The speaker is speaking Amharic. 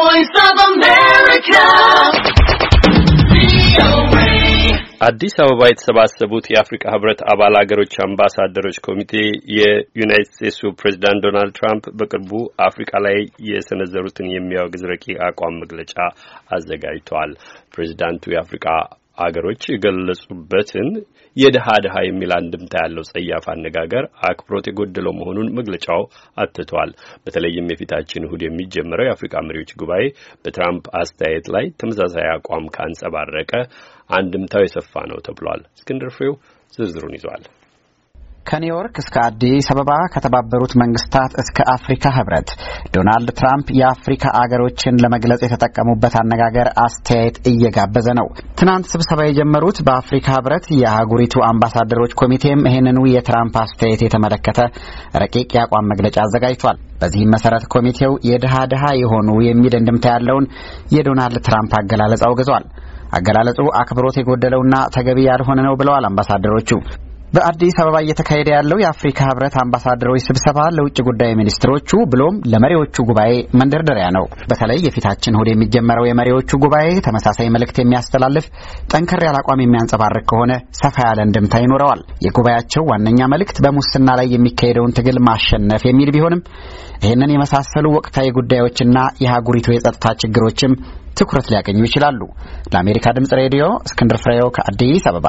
voice of America. አዲስ አበባ የተሰባሰቡት የአፍሪካ ህብረት አባል አገሮች አምባሳደሮች ኮሚቴ የዩናይትድ ስቴትሱ ፕሬዚዳንት ዶናልድ ትራምፕ በቅርቡ አፍሪካ ላይ የሰነዘሩትን የሚያወግዝ ረቂቅ አቋም መግለጫ አዘጋጅተዋል። ፕሬዚዳንቱ የአፍሪካ አገሮች የገለጹበትን የድሃ ድሃ የሚል አንድምታ ያለው ጸያፍ አነጋገር አክብሮት የጎደለው መሆኑን መግለጫው አትቷል። በተለይም የፊታችን እሁድ የሚጀምረው የአፍሪካ መሪዎች ጉባኤ በትራምፕ አስተያየት ላይ ተመሳሳይ አቋም ካንጸባረቀ አንድምታው የሰፋ ነው ተብሏል። እስክንድር ፍሬው ዝርዝሩን ይዟል። ከኒውዮርክ እስከ አዲስ አበባ ከተባበሩት መንግስታት እስከ አፍሪካ ህብረት ዶናልድ ትራምፕ የአፍሪካ አገሮችን ለመግለጽ የተጠቀሙበት አነጋገር አስተያየት እየጋበዘ ነው። ትናንት ስብሰባ የጀመሩት በአፍሪካ ህብረት የአህጉሪቱ አምባሳደሮች ኮሚቴም ይህንኑ የትራምፕ አስተያየት የተመለከተ ረቂቅ የአቋም መግለጫ አዘጋጅቷል። በዚህም መሰረት ኮሚቴው የድሃ ድሃ የሆኑ የሚል እንድምታ ያለውን የዶናልድ ትራምፕ አገላለጽ አውግዟል። አገላለጹ አክብሮት የጎደለውና ተገቢ ያልሆነ ነው ብለዋል አምባሳደሮቹ። በአዲስ አበባ እየተካሄደ ያለው የአፍሪካ ህብረት አምባሳደሮች ስብሰባ ለውጭ ጉዳይ ሚኒስትሮቹ ብሎም ለመሪዎቹ ጉባኤ መንደርደሪያ ነው። በተለይ የፊታችን እሁድ የሚጀመረው የመሪዎቹ ጉባኤ ተመሳሳይ መልእክት የሚያስተላልፍ ጠንከር ያለ አቋም የሚያንጸባርቅ ከሆነ ሰፋ ያለ እንድምታ ይኖረዋል። የጉባኤያቸው ዋነኛ መልእክት በሙስና ላይ የሚካሄደውን ትግል ማሸነፍ የሚል ቢሆንም ይህንን የመሳሰሉ ወቅታዊ ጉዳዮችና የሀገሪቱ የጸጥታ ችግሮችም ትኩረት ሊያገኙ ይችላሉ። ለአሜሪካ ድምጽ ሬዲዮ እስክንድር ፍሬው ከአዲስ አበባ